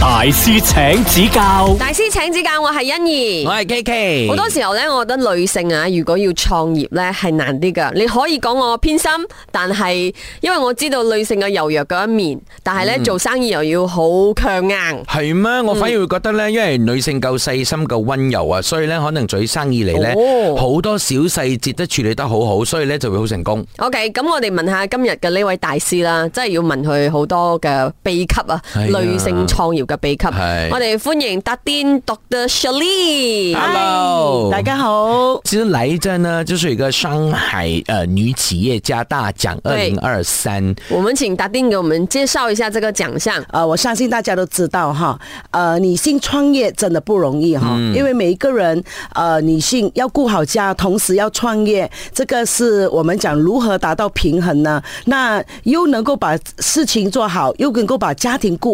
大師請指教，大師請指教，我係欣宜，我係 KK。好多時候呢，我覺得女性啊，如果要創業呢，係難啲噶。你可以講我偏心，但係因為我知道女性嘅柔弱嗰一面，但係呢，做生意又要好強硬，係咩、嗯？我反而會覺得呢，因為女性夠細心、夠溫柔啊，所以呢，可能做生意嚟呢，好多小細節都處理得好好，所以呢，就會好成功。哦、OK，咁我哋問下今日嘅呢位大師啦，真係要問佢好多嘅秘笈啊！女性創業嘅秘笈，哎、呀我哋歡迎達丁 Doctor Cherlin，hello，大家好。其實來一嚟呢，就是一個商海呃女企業家大獎二零二三。我們請達丁給我們介紹一下這個獎項。呃，我相信大家都知道哈，呃女性創業真的不容易哈，因為每一個人呃女性要顧好家，同時要創業，這個是我們講如何達到平衡呢？那又能夠把事情做好，又能夠把家庭顧。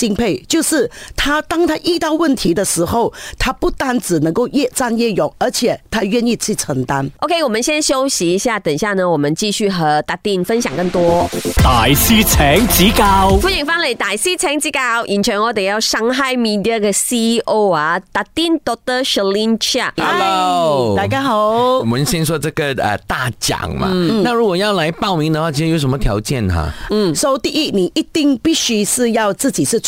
敬佩就是他，當他遇到問題的時候，他不單只能夠越戰越勇，而且他願意去承擔。OK，我們先休息一下，等一下呢，我們繼續和達丁分享更多。大師請指教，歡迎翻嚟。大師請指教，現場我哋要上海 media 嘅 CEO 啊，達丁 Doctor Cherlin Cheah。Hello，Hi 大家好。我們先說這個呃大獎嘛，嗯，那如果要來報名的話，今天有什麼條件哈？嗯，所、so, 第一，你一定必須是要自己是，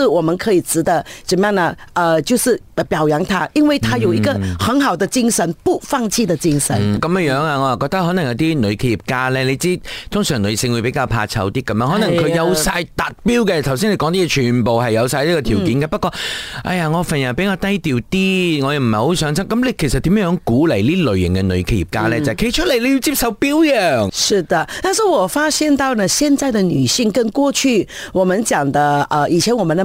是，我們可以值得怎麼樣呢？呃，就是表揚她，因為她有一個很好的精神，嗯、不放棄的精神。咁樣、嗯、樣啊，我又覺得可能有啲女企業家咧，你知通常女性會比較怕醜啲咁樣，可能佢有晒達標嘅。頭先、哎、呀你講啲嘢全部係有晒呢個條件嘅，嗯、不過，哎呀，我份人比較低調啲，我又唔係好想心。咁你其實點樣鼓勵呢類型嘅女企業家咧？嗯、就企出嚟，你要接受表揚。是的，但是我發現到呢，現在的女性跟過去我們講的，呃，以前我們的。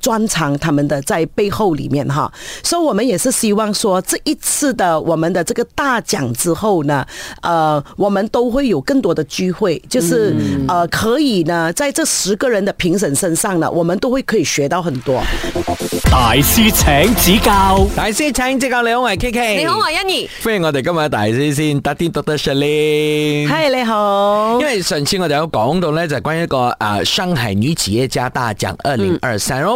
專長，他們的在背後裏面哈，所以我們也是希望說這一次的我們的這個大獎之後呢，呃，我們都會有更多的機會，就是呃，可以呢在這十個人的評審身上呢，我們都會可以學到很多。大師請指教，大師請指教，你好，我係 KK，你好，我係 Yanni，歡迎我哋今日嘅大師先，Datin Dr. Cherlin，嗨你好。因為上次我哋有講到呢就是、關於一個啊、呃、商海女企業家大獎二零二三。嗯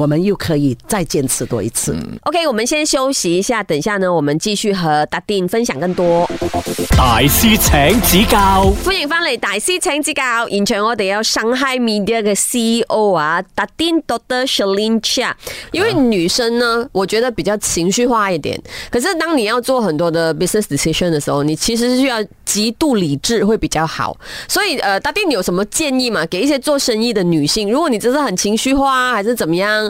我們又可以再堅持多一次。OK，我們先休息一下，等一下呢，我們繼續和達丁分享更多。大師請指教，歡迎翻嚟。大師請指教，現場我哋有上海 Media 嘅 CEO 啊，達丁 Doctor Cherlin Cheah。因為女生呢，我覺得比較情緒化一點，可是當你要做很多的 business decision 的時候，你其實需要極度理智會比較好。所以，呃，達丁，你有什麼建議嘛？給一些做生意的女性，如果你真是很情緒化，還是怎麼樣？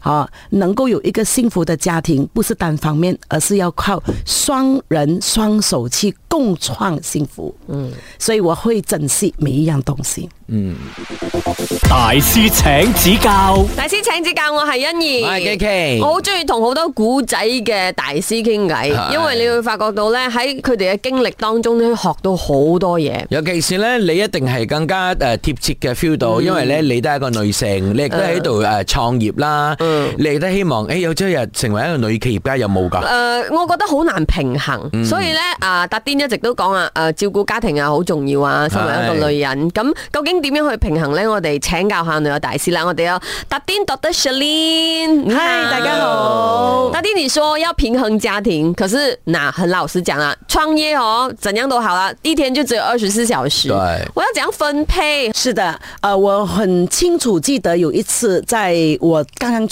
啊，能夠有一個幸福的家庭，不是單方面，而是要靠雙人雙手去共創幸福。嗯，所以我會珍惜每一樣東西。嗯，大師請指教，大師請指教，我係欣宜，我係 K K，我好中意同好多古仔嘅大師傾偈，是因為你會發覺到咧喺佢哋嘅經歷當中咧學到好多嘢，尤其是咧你一定係更加誒貼切嘅 feel 到，嗯、因為咧你都係一個女性，你亦都喺度誒創業啦。嗯嗯你都希望誒有朝一日成為一個女企業家有冇㗎？誒、呃，我覺得好難平衡，嗯、哼所以咧啊，達、呃、丁一直都講啊，誒、呃，照顧家庭啊好重要啊，身為一個女人，咁是、嗯、究竟點樣去平衡咧？我哋請教下女有大師啦，我哋啊，達丁 Dr. Cherlin 大家好，達丁，你說要平衡家庭，可是，嗱、呃、很老實講啦，創業哦，怎樣都好啦，一天就只有二十四小時，對我要點樣分配？是的，誒、呃，我很清楚記得有一次，在我剛剛。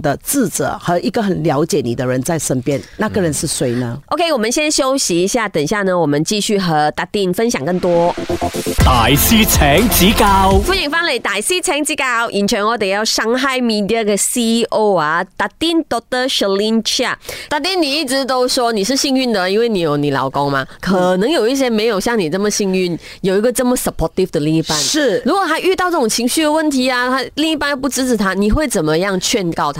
的智者和一個很了解你的人在身邊，那個人是誰呢？OK，我們先休息一下，等下呢，我們繼續和達丁分享更多。大師請指教，歡迎翻嚟。大師請指教，現場我哋有上海 Media 嘅 CEO 啊，達丁 Doctor Cherlin Cheah。達丁，in, 你一直都說你是幸運的，因為你有你老公嘛。可能有一些沒有像你這麼幸運，有一個這麼 supportive 的另一半。是，如果他遇到這種情緒的問題啊，他另一半又不支持他，你會怎麼樣勸告他？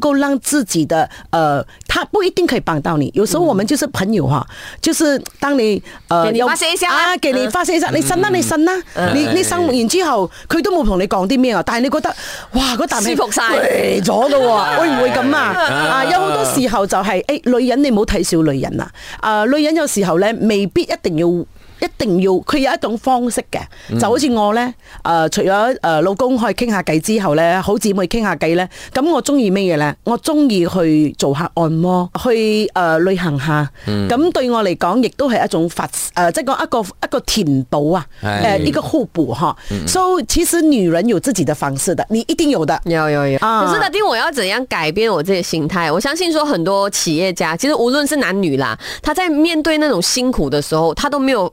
夠讓自己的、呃，他不一定可以幫到你。有時候我們就是朋友哈，嗯、就是當你，誒、呃，有啊，給你發現一下、啊啊、你信啦、嗯，你信啦、嗯，你、哎、你信完之後，佢都冇同你講啲咩啊，但係你覺得，哇，嗰啖舒服晒咗咯喎，會唔會咁啊？ 啊，有好多時候就係、是，誒、哎，女人你冇睇小女人啊，誒、呃，女人有時候咧未必一定要。一定要佢有一種方式嘅，嗯、就好似我咧，誒、呃、除咗誒、呃、老公可以傾下偈之後咧，好姊妹傾下偈咧，咁我中意咩嘢咧？我中意去做一下按摩，去誒、呃呃、旅行一下。咁、嗯、對我嚟講，亦都係一種發誒即係講一個一個填補啊，誒、呃哎、一個互補哈。所以、嗯嗯 So, 其實女人有自己的方式的，你一定有的。有有有。啊、可是 Datin 我要怎樣改變我自己心態？我相信，說很多企業家，其實無論是男女啦，他在面對那種辛苦的時候，他都沒有。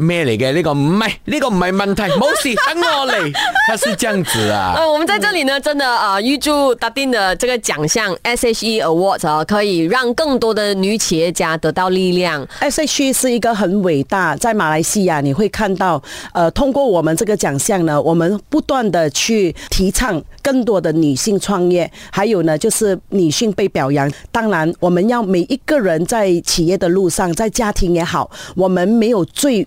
咩嚟嘅，呢個唔係，呢個唔係問題，冇事等我嚟。他 是這樣子啊，誒，uh, 我們在這裏呢，真的啊，預祝 Datin 的這個獎項 SHE Awards 啊，e Awards, uh, 可以讓更多的女企業家得到力量。SHE 是一個很偉大，在馬來西亞你會看到，呃，通過我們這個獎項呢，我們不斷的去提倡更多的女性創業，還有呢，就是女性被表揚。當然，我們要每一個人在企業的路上，在家庭也好，我們沒有最。